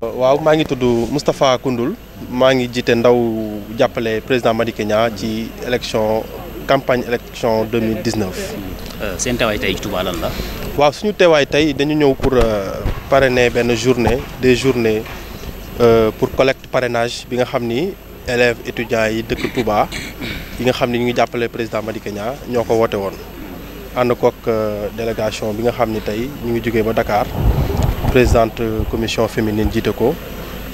waaw maa ngi tudd Moustapha Koundoul maa ngi jiite ndaw jàppale président Madické Niang ci élection campagne élection 2019. Euh, seen teewaay tey Touba lan la. waaw suñu teewaay tey dañu ñëw pour euh, parrainer benn journée des journées euh, pour collecte parrainage bi nga xam ni élèves étudiants yi dëkk Touba yi nga xam ni ñu ngi jàppale président Madické ñoo ko woote woon ànd kook délégation bi nga xam ni tey ñu ngi jógee ba dakaar présidente commission féminine jiite ko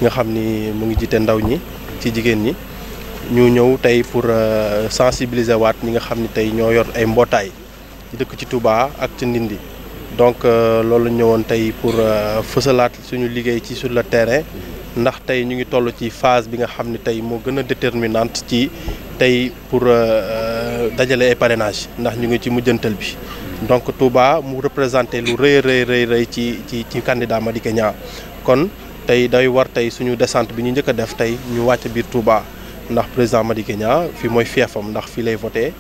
nga xam ni mu ngi jiite ndaw ñi ci jigéen ñi ñu ñëw tey pour euh, sensibiliser waat ñi nga xam ni tey ñoo yor ay mbootaay dëkk ci Touba ak ci Ndindi donc euh, loolu ñu ñëwoon tey pour euh, fësalaat suñu liggéey ci su le terrain ndax tey ñu ngi toll ci phase bi nga xam ni tey moo gën a déterminante ci tey pour euh, euh, dajale ay parrainage ndax ñu ngi ci mujjantal bi donc Touba mu représenté lu rëy rëy rëy ci ci ci candidat Madické kon tey day war tey suñu descente bi ñu njëkk a def tey ñu wàcc biir Touba ndax président Madické Niang fii mooy fiefam ndax fii lay voté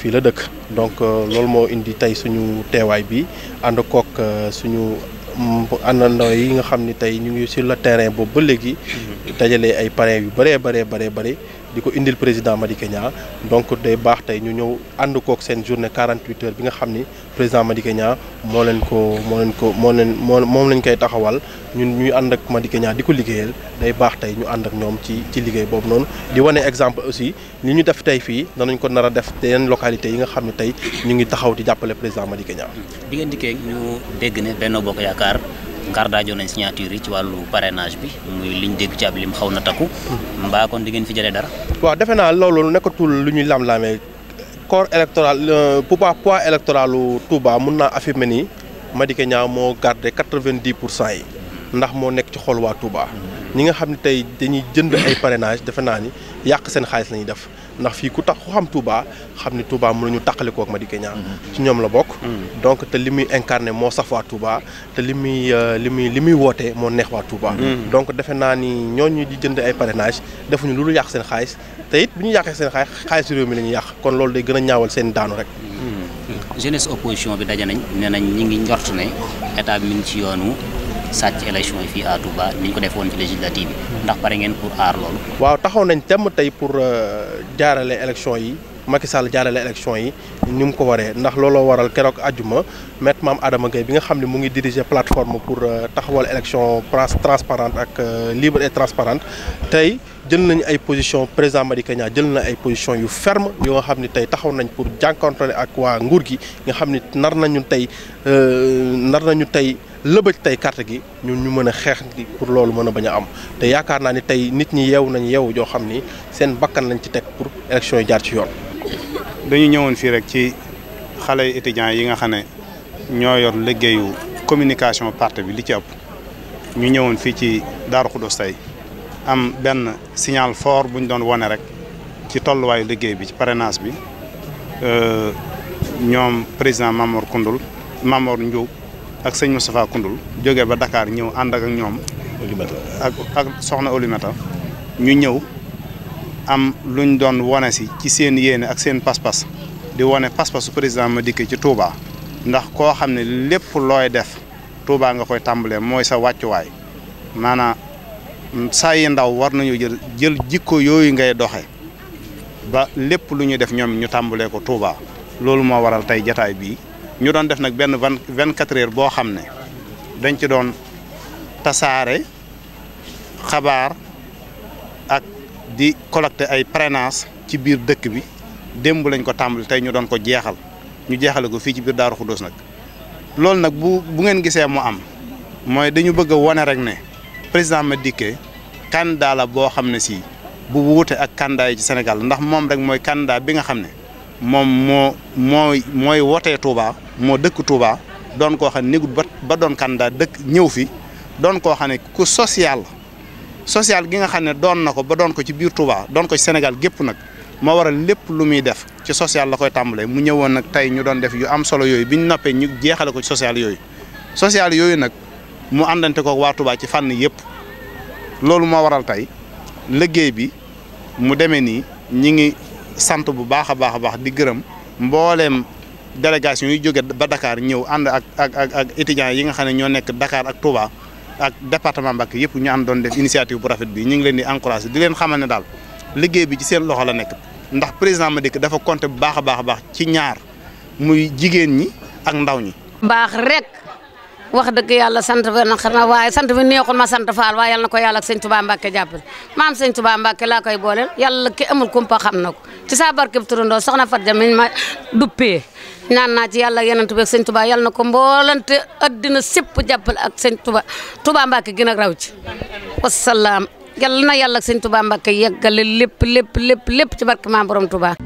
fii la dëkk donc euh, loolu moo indi tey suñu teewaay bi ànd kook suñu mm, àndandoo yi nga xam ni tey ñu ngi sur le terrain boobu ba léegi mhm. dajale ay parrain yu bëree bëree bëree bëri di ko indil président Madické Niang donc day baax tey ñu ñëw ànd kook seen journée 48 heures bi nga xam ni président Madické Niang moo leen ko moo leen ko moo leen moo moom lañ koy taxawal ñun ñuy ànd ak Madické Niang di ko liggéeyal day baax tey ñu ànd ak ñoom ci ci liggéey boobu noonu di wane exemple aussi li ñu def tey fii danañ ko nar a def yeneen localité yi nga xam ne tey ñu ngi taxaw di jàppale président Madické Niang. bi ngeen dikkee dégg ne Benno Bokk Yaakaar. gardaajo nañ signature yi ci wàllu parrainage bi muy liñ dégg ci ab lim xaw na takku. mbaa kon di ngeen fi jëlee dara. waaw defe naa loolu nekkatul lu ñuy lam-lamee corps électoral euh, pouvoir poids électoralu Touba mun naa affirmer ni Madické Niang moo gardé quatre-vingt-dix pour cent yi ndax moo nekk ci xol waa Touba. ñi nga xam ne tey dañuy jënd ay parrainage defe naa ni yàq seen xaalis la ñuy def. ndax fii ku tax ku xam Touba xam ni Touba mënuñu tàqalikoo ak di Niang ci ñoom la bokk mm-hmm. donc te li muy incarné moo saf waa Touba te li muy euh, li muy li muy woote moo neex waa Touba mm-hmm. donc defe naa ni ñooñu di jënd ay parrainage defuñu lu yàq seen xaalis te it bi ñu yàqee seen xaalis xaalis réew mi la ñuy yàq kon loolu day gën a ñaawal seen daanu rek mm-hmm. jeunesse opposition bi daje nañ nee nañ ñi ngi njort ne état bi mi ngi ci sàcc élection yi fii à Touba ni ñu ko defoon ci législative yi ndax pare ngeen pour aar loolu. waaw taxaw nañ temm tey pour euh, jaarale élection yi Macky Sall jaarale élection yi ñu mu ko waree ndax looloo waral keroog àjjuma maître Mame Adama Gueye bi nga xam ne mu ngi diriger plateforme pour euh, taxawal élection transparente ak euh, libre et transparente tey. jël nañu ay position président Madické Niang jël na ay position yu ferme yoo nga xam ne tey taxaw nañ pour jànkonte ak waa nguur gi nga xam ne nar nañu tey nar nañu tey lëbëj tey carte gi ñun ñu mën a xeex pour loolu mën a bañ a am te yaakaar naa ni tey nit ñi yeewu nañ yeewu joo xam ni seen bakkan lañ ci teg pour élection yi jaar ci yoon. dañu ñëwoon fii rek ci xale yu étudiants yi nga xam ne ñoo yor liggéeyu communication parti bi li ci ëpp ñu ñëwoon fii ci Darou Khoudoss tey am benn signal fort bu ñu doon wane rek ci tolluwaayu liggéey bi ci parrainage bi euh, ñoom président Mamour Koundoul Mamour Ndioub. ak sëñ Moustapha Koundoul jógee ba dakaar ñëw ànd ak ñoom. ak ak soxna Olimata ñu ñëw am luñ doon wone si ci seen yéene ak seen pas di wone pas-pasu président Madické ci Touba. ndax koo xam ne lépp looy def Touba nga koy tàmbalee mooy sa wàccuwaay maanaa saa yi ndaw war nañu jël jël jikko yooyu ngay doxe ba lépp lu ñuy def ñoom ñu tàmbalee ko Touba loolu moo waral tey jataay bii. ñu doon def nag benn vingt quatre heures boo xam ne dañ ci doon tasaare xabaar ak di collecter ay parrainage ci biir dëkk bi démb lañ ko tàmbali tey ñu doon ko jeexal ñu jeexale ko fii ci biir Daaru Xuddoos nag loolu nag bu bu ngeen gisee mu am mooy dañu bëgg a wone rek ne président ma candidat la boo xam ne sii bu wuute ak candidat yi ci Sénégal ndax moom rek mooy candidat bi nga xam ne moom moo mooy mooy wotee Touba moo dëkk Touba doon koo xam ne ba ba doon candidat dëkk ñëw fi doon koo xam ne ku social social gi nga xam ne doon na ko ba doon ko ci biir Touba doon ko ci Sénégal gépp nag moo waral lépp lu muy def ci social la koy tàmbalee mu ñëwoon nag tey ñu doon def yu am solo yooyu bi ñu noppee ñu jeexale ko ci social yooyu social yooyu nag mu àndante ko waa Touba ci fànn yëpp loolu moo waral tey liggéey bi mu demee nii ñi ngi sant bu baax a baax a baax di gërëm mbooleem délégation yu jóge ba Dakar ñëw ànd ak ak ak ak étudiants yi nga xam ne ñoo nekk Dakar ak Touba ak département Mbacké yëpp ñu ànd doon def initiative bu rafet bi ñu ngi leen di encouragé di leen xamal daal liggéey bi ci seen loxo la nekk dafa compter bu baax a baax a baax ci ñaar muy jigéen ñi ak ndaw ñi. baax rek wax dëgg yàlla sant ba na xanaa waaye sant bi neexul ma sant faal waaye yal na ko yàlla ak sëñ Touba Mbacké jàppale maam sëñ Touba Mbacké laa koy booleel yàlla ki amul kumpa xam na ci saa barke turandoo soxna Fatou Dia mi ma duppee ñaan naa ci yàlla yonent bi ak sëñ Touba yàlla na ko mboolante addina sépp jàppale ak sëñ Touba Touba Mbacke gën a raw ci wasalaam yàlla na yàlla ak sëñ Touba Mbacke yeggale lépp lépp lépp lépp ci barke maam borom Touba.